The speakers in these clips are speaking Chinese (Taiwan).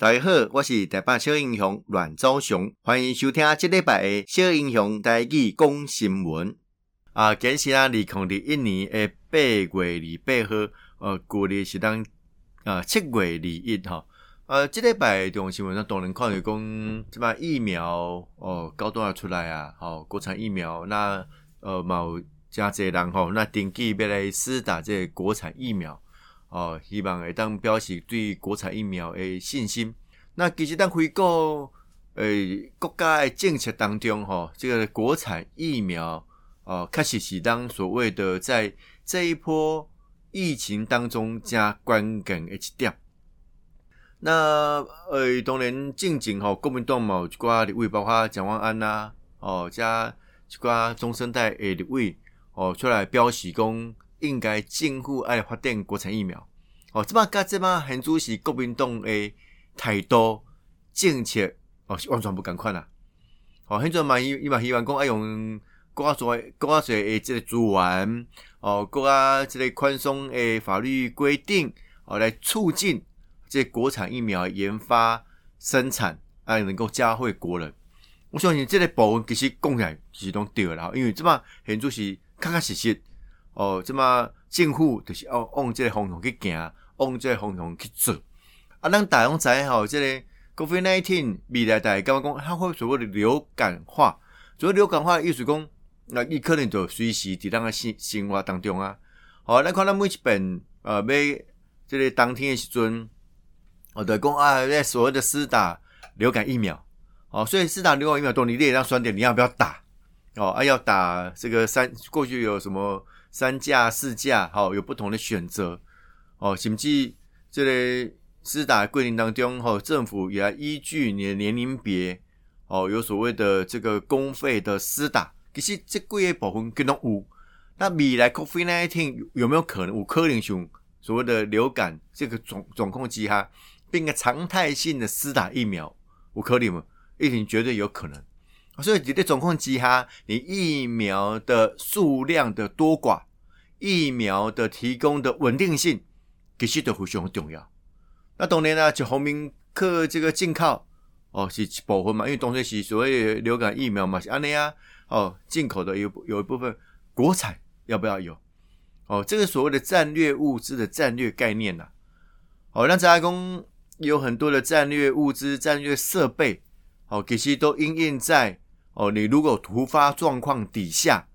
大家好，我是大班小英雄阮朝雄，歡迎收聽呢禮拜嘅小英雄台語講新聞。啊，今仔日，二零二一年嘅八月二八號，啊、呃，舊曆是當啊、呃、七月二一吼，啊，呢、呃、禮拜啲新聞上多人看住講，即嘛疫苗哦、呃，高端啊出來啊，好、哦、國產疫苗，那誒嘛有真濟人吼，那登記要來施打只國產疫苗。哦，希望會當表示對國產疫苗的信心。那其實當回顧誒國家誒政策當中，吼、哦，這個國產疫苗哦開始是當所謂的在這一波疫情當中加關鍵一點。那誒、呃，當然進前、哦、吼，國民黨嘛有幾掛立委包括蔣萬安吶、啊，哦加幾掛中生代誒立委，哦出來表示講。應該政府愛發展國產疫苗，哦，這嘛、這嘛現在是國民黨誒態度政策，哦，是完全無仝款啦。哦，現在嘛，伊、伊嘛希望講愛用更加、更加儕誒，即個資源，哦，更加即個寬鬆誒法律規定，哦，來促進即國產疫苗研發生產，啊能夠嘉惠國人。我相信即個部分其實講起，起來是攏對啦，因為這嘛現在是確確實實。哦，即嘛政府就是要往即個方向去行，往即個方向去做。啊，咱大雄仔吼，即、哦這個 COVID-19 未來大概幹嘛講？它會所謂的流感化。所謂流感化的意思是講，那、啊、伊可能就隨時在咱個生生活當中啊。好、哦，咱看咱每一本呃，每即個當天的時陣，我得講啊，那所謂的施打流感疫苗。哦，所以施打流感疫苗到，到底你哪點你要不要打？哦，啊要打這個三過去有什麼？三價、四、哦、價，吼有不同的選擇，哦，甚至這類施打規定當中，吼、哦、政府也要依據你的年齡別，哦，有所謂的這個公費的施打，可是這貴誒百分多五，那未來 COVID-19 有沒有可能五顆零熊所謂的流感這個總總控制哈，並個常態性的施打疫苗五顆零嗎？一定絕對有可能。所以你的總控機哈，你疫苗的數量的多寡，疫苗的提供的穩定性，其實都非常重要。那當年呢，就紅明克這個進靠，哦是部分嘛，因為當初是所謂流感疫苗嘛是安尼啊哦進口的有有一部分國產要不要有哦？這個所謂的戰略物資的戰略概念吶、啊，哦讓大家講有很多的戰略物資戰略設備。哦，其實都應驗在哦，你如果突發狀況底下，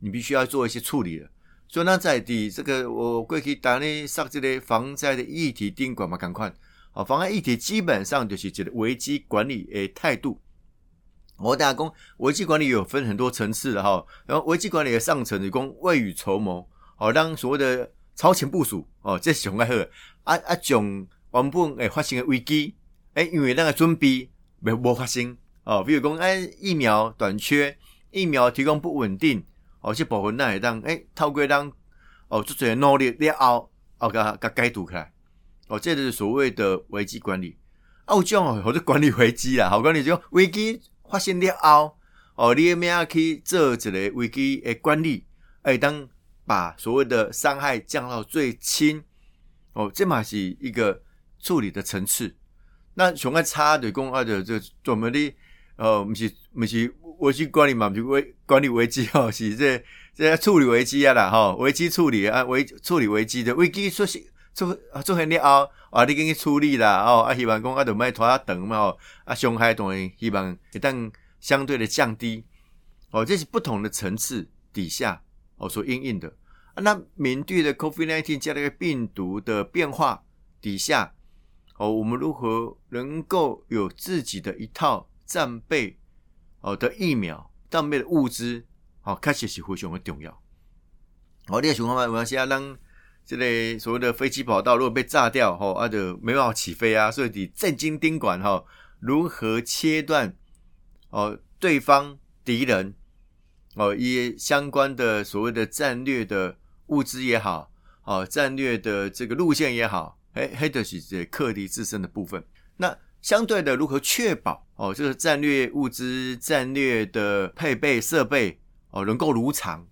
你必須要做一些處理了。所以，呢在底這個我過去打的上這的防災的議題，定管嘛，趕快。哦，防災議題基本上就是一個危機管理的態度。我跟大家講，危機管理有分很多層次的哈、哦，然後危機管理的上層是講未雨綢繆，好、哦，讓所謂的超前部署哦，這是上個啊啊，將、啊、原本會發生的危機，誒，因為那個準備。袂無發生哦，比如講，哎，疫苗短缺，疫苗提供不穩定這、欸，哦，去部分那會當，誒透過當，哦，做最努力了後，哦，甲甲解起來，哦，這就是所謂的危機管理。哦、啊，有有這樣哦，好多管理危機啦，好管理就危機發生了後，哦，你咪要去做一個危機誒管理，哎，當把所謂的傷害降到最輕，哦，這嘛是一個處理的層次。那熊一差的就講啊，就這怎麼咧，哦，唔是唔是，是危機管理嘛？唔是危管理危機哦，是這這處理危機啊啦，吼、哦，危機處理啊，危處理危機的危機出現出出現了後，啊，你給你處理啦，哦，啊，希望講啊，就唔拖下長嘛，吼，啊，熊孩同希望一旦相對的降低，哦，這是不同的層次底下哦所應用的啊，那面對的 Covid nineteen 加那個病毒的變化底下。哦，我們如何能夠有自己的一套戰備，哦的疫苗、戰備的物資，好、哦，開始是非常重要。哦，這個情況嘛，我們先要讓這類所謂的飛機跑道如果被炸掉，吼、哦，那、啊、就沒辦法起飛啊。所以你震驚賓館吼，如何切斷哦對方敵人，哦一些相關的所謂的戰略的物資也好，哦戰略的這個路線也好。哎，黑的、欸、是在克敵自身的部分。那相對的，如何確保哦，這、就、個、是、戰略物資、戰略的配備設備哦，能夠如常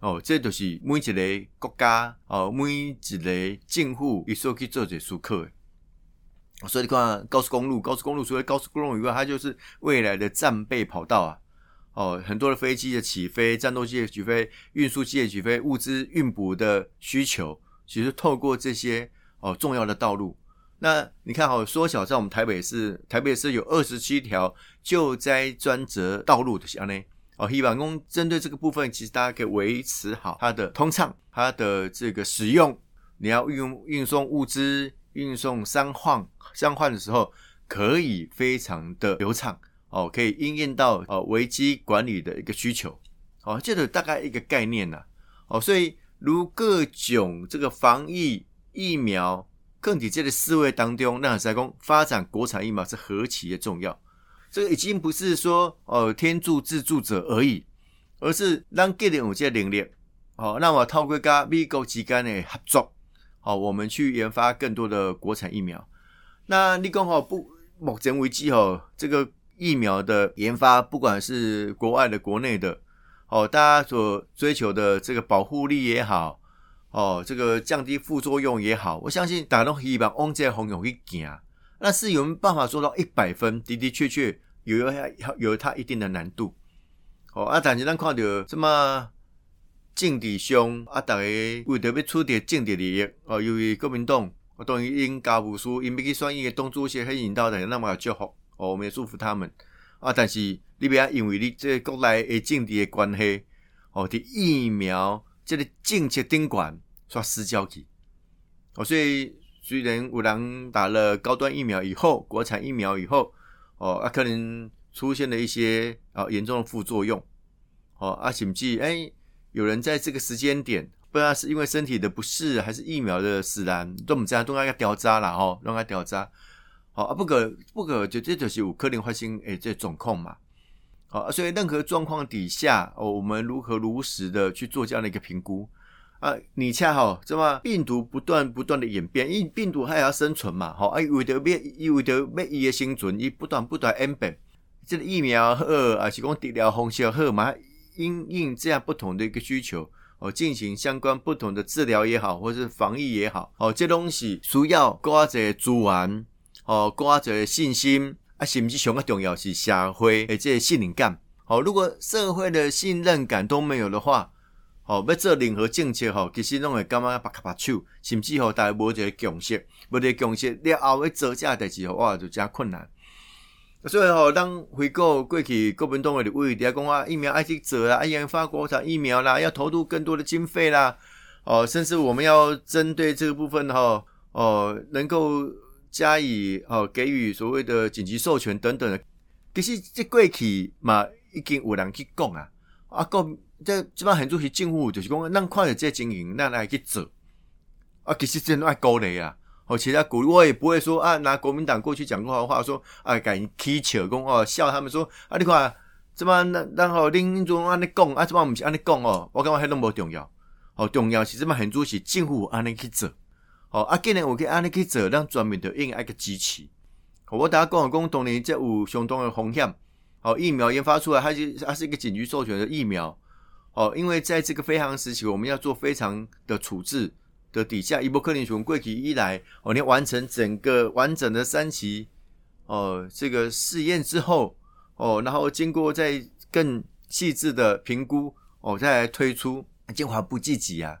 哦，這都是每一個國家哦，每一個政府伊所去做者所克的。所以你看高速公路，高速公路除了高速公路以外，它就是未來的戰備跑道啊。哦，很多的飛機的起飛、戰鬥機的起飛、運輸機的起飛、物資運補的需求，其實透過這些。哦，重要的道路，那你看，哦，好縮小在我們台北市，台北市有二十七條救災專責道路的下呢。哦，黑王公針對這個部分，其實大家可以維持好它的通暢，它的這個使用。你要運運送物資、運送傷患，傷患的時候，可以非常的流暢哦，可以因應到哦，危機管理的一個需求。哦，這是大概一個概念吶，啊。哦，所以如各種這個防疫，疫苗更直接的思維當中，那在講發展國產疫苗，是何其的重要。這個已經不是說呃、哦、天助自助者而已，而是我有這、哦、讓 get 五屆領力好，那麼透過各家機構之間的合作，好、哦，我們去研發更多的國產疫苗。那你講好、哦、不？目前為止哦，這個疫苗的研發，不管是國外的、國內的，哦，大家所追求的這個保護力也好。哦，這個降低副作用也好，我相信打攏希望往只個方向去走啊，但是有沒有辦法做到一百分？的的確確有要要有它一定的難度。哦啊，但是咱看着什麼政治上啊，大家為特別出在政治利益哦，由於國民黨我等於因家務事因被去宣揚個動作些黑引導，大家那麼有祝福哦，我們也祝福他們啊。但是你別因為你這個國內誒政治誒關係哦，佇疫苗，這個境界監管刷私交去，哦，所以雖然有人打了高端疫苗以後，國產疫苗以後，哦，啊，可能出現了一些啊、哦、嚴重的副作用，哦，啊，甚至誒，有人在這個時間點，不知道是因為身體的不適，還是疫苗的使然，都不知道，都讓它調查了，都讓它調查，好、哦、啊，不可不可就，就這就，就是烏克林核心誒這個、總控嘛。啊、哦，所以任何狀況底下哦，我們如何如實的去做這樣的一個評估啊？你恰好這麼病毒不斷不斷的演變，因為病毒它也要生存嘛，吼、哦、啊，它為着要為着要伊個生存，伊不斷不斷演變，這個疫苗呵，還是講治療方式呵嘛，它因應這樣不同的一個需求哦，進行相關不同的治療也好，或者是防疫也好，哦，這東西需要多一些資源，哦，多一些信心。是唔是上個重要是社會的這信任感？好、哦，如果社會的信任感都沒有的話，好、哦、要做任何政策、哦，吼，其實攏會感覺白卡白手，甚至乎大家無一個共識，無一個共識，你後尾做這代誌，哇，就真困難。所以吼、哦，當回顧過去國民黨的立委佇遐講啊，疫苗愛去做啊，研發國產疫苗啦，要投入更多的經費啦，哦，甚至我們要針對這個部分、哦，吼，哦，能夠。加以哦，給予所謂的緊急授權等等的，其實這過去嘛，已經有人去講啊。啊講，這即幫很多是政府，就是講，咱看着這些經營，咱來去做。啊，其實真愛鼓勵啊，吼其他鼓勵，我也不會說啊，拿國民黨過去講過話的話說啊，甲因取笑，講哦笑他們說啊，你看這幫咱吼恁迄總安尼講，啊即幫毋是安尼講哦，我感覺迄攏無重要、啊。吼、哦、重要是即幫很多是政府安尼去做。哦，啊，今年我給阿按你去走，讓專門的用一個機器。哦，我大家共同共同的，這有相當的風險。哦，疫苗研發出來，它是它是一個緊急授權的疫苗。哦，因為在這個非常時期，我們要做非常的處置的底下，一波克林熊貴奇一來哦，你要完成整個完整的三期哦，這個試驗之後哦，然後經過再更細緻的評估哦，再來推出，精華不積極啊。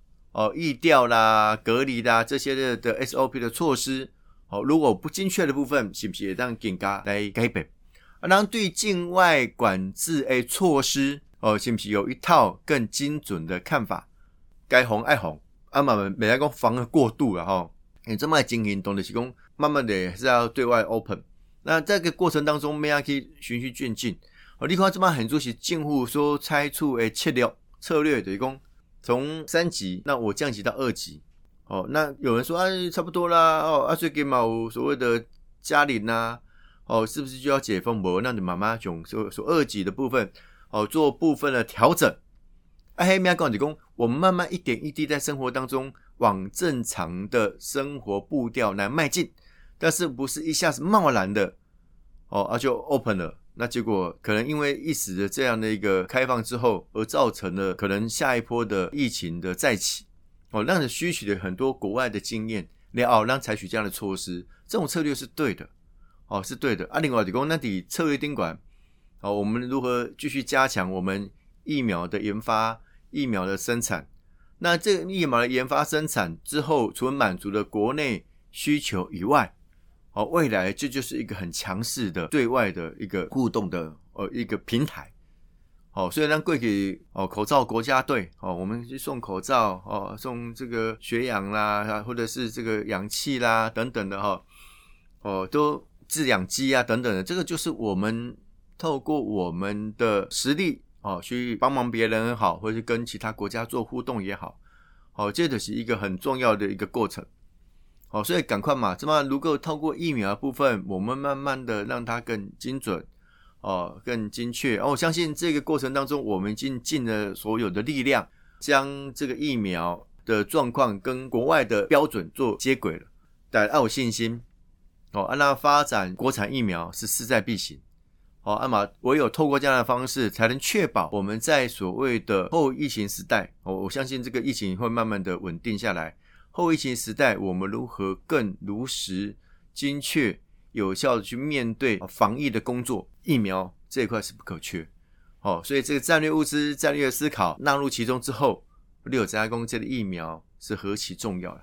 哦，疫調啦、隔離啦、這些的 SOP 的措施，哦，如果不精確的部分，是不是也讓更加來改變？啊，那對境外管制誒措施，哦，是不是有一套更精準的看法？該紅愛紅啊嘛，別來講防的過度了哈。你這愛經營，懂得起講，慢慢的也是要對外 open。那這個過程當中，咩啊可以循序漸進。哦，你看這邊很多是政府說採取的策略，策略等於講，從三級，那我降級到二級，哦，那有人說啊、哎，差不多啦，哦，阿衰給某所謂的家齡吶、啊，哦，是不是就要解封？我那你媽媽總所所二級的部分，哦，做部分的調整。阿、啊、嘿，喵公子公，我們慢慢一點一滴在生活當中往正常的生活步調來邁進，但是不是一下子貿然的，哦，阿、啊、就 open 了。那結果可能因為一時的這樣的一個開放之後，而造成了可能下一波的疫情的再起，哦，讓人吸取了很多國外的經驗，你哦，讓採取這樣的措施，這種策略是對的，哦，是對的。啊，另外一個那底策略監管，好，哦，我們如何繼續加強我們疫苗的研發、疫苗的生產？那這個疫苗的研發生產之後，除了滿足了國內需求以外，哦，未來這就是一個很強勢的對外的一個互動的呃、哦、一個平台。好、哦，雖然貴給哦口罩國家隊，哦，我們去送口罩哦，送這個血氧啦，或者是這個氧氣啦等等的哈，哦，都製氧機啊等等的，這個就是我們透過我們的實力哦去幫忙別人好，或者是跟其他國家做互動也好，好、哦，這個是一個很重要的一個過程。好、哦，所以趕快嘛，怎麼？如果透過疫苗的部分，我們慢慢的讓它更精準，哦，更精確。哦、啊，我相信這個過程當中，我們已經盡了所有的力量，將這個疫苗的狀況跟國外的標準做接軌了。但，但、啊、要有信心，哦，按、啊、它發展國產疫苗是勢在必行。好、哦，阿馬唯有透過這樣的方式，才能確保我們在所謂的後疫情時代，哦，我相信這個疫情會慢慢的穩定下來。後疫情時代，我們如何更如實、精確、有效地去面對防疫的工作？疫苗這一塊是不可缺，哦，所以這個戰略物資、戰略思考納入其中之後，六家公這個疫苗是何其重要了，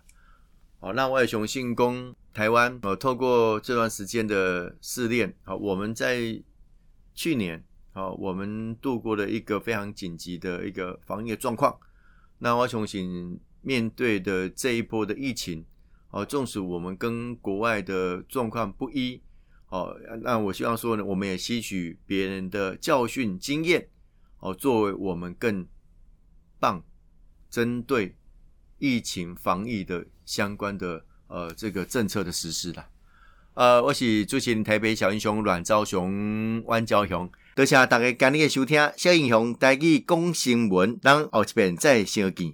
啊哦。那外雄信攻台灣，呃，透過這段時間的試煉，好，哦，我們在去年，好，哦，我們度過了一個非常緊急的一個防疫的狀況。那外雄信。面對的這一波的疫情，哦、呃，縱使我們跟國外的狀況不一，哦、呃，那我希望說呢，我們也吸取別人的教訓經驗，哦、呃，作為我們更棒針對疫情防疫的相關的呃這個政策的實施啦。呃，我是主持人台北小英雄阮昭雄、阮昭雄，多謝，謝大家今日的收聽，小英雄帶給講新聞，讓後幾遍再相見。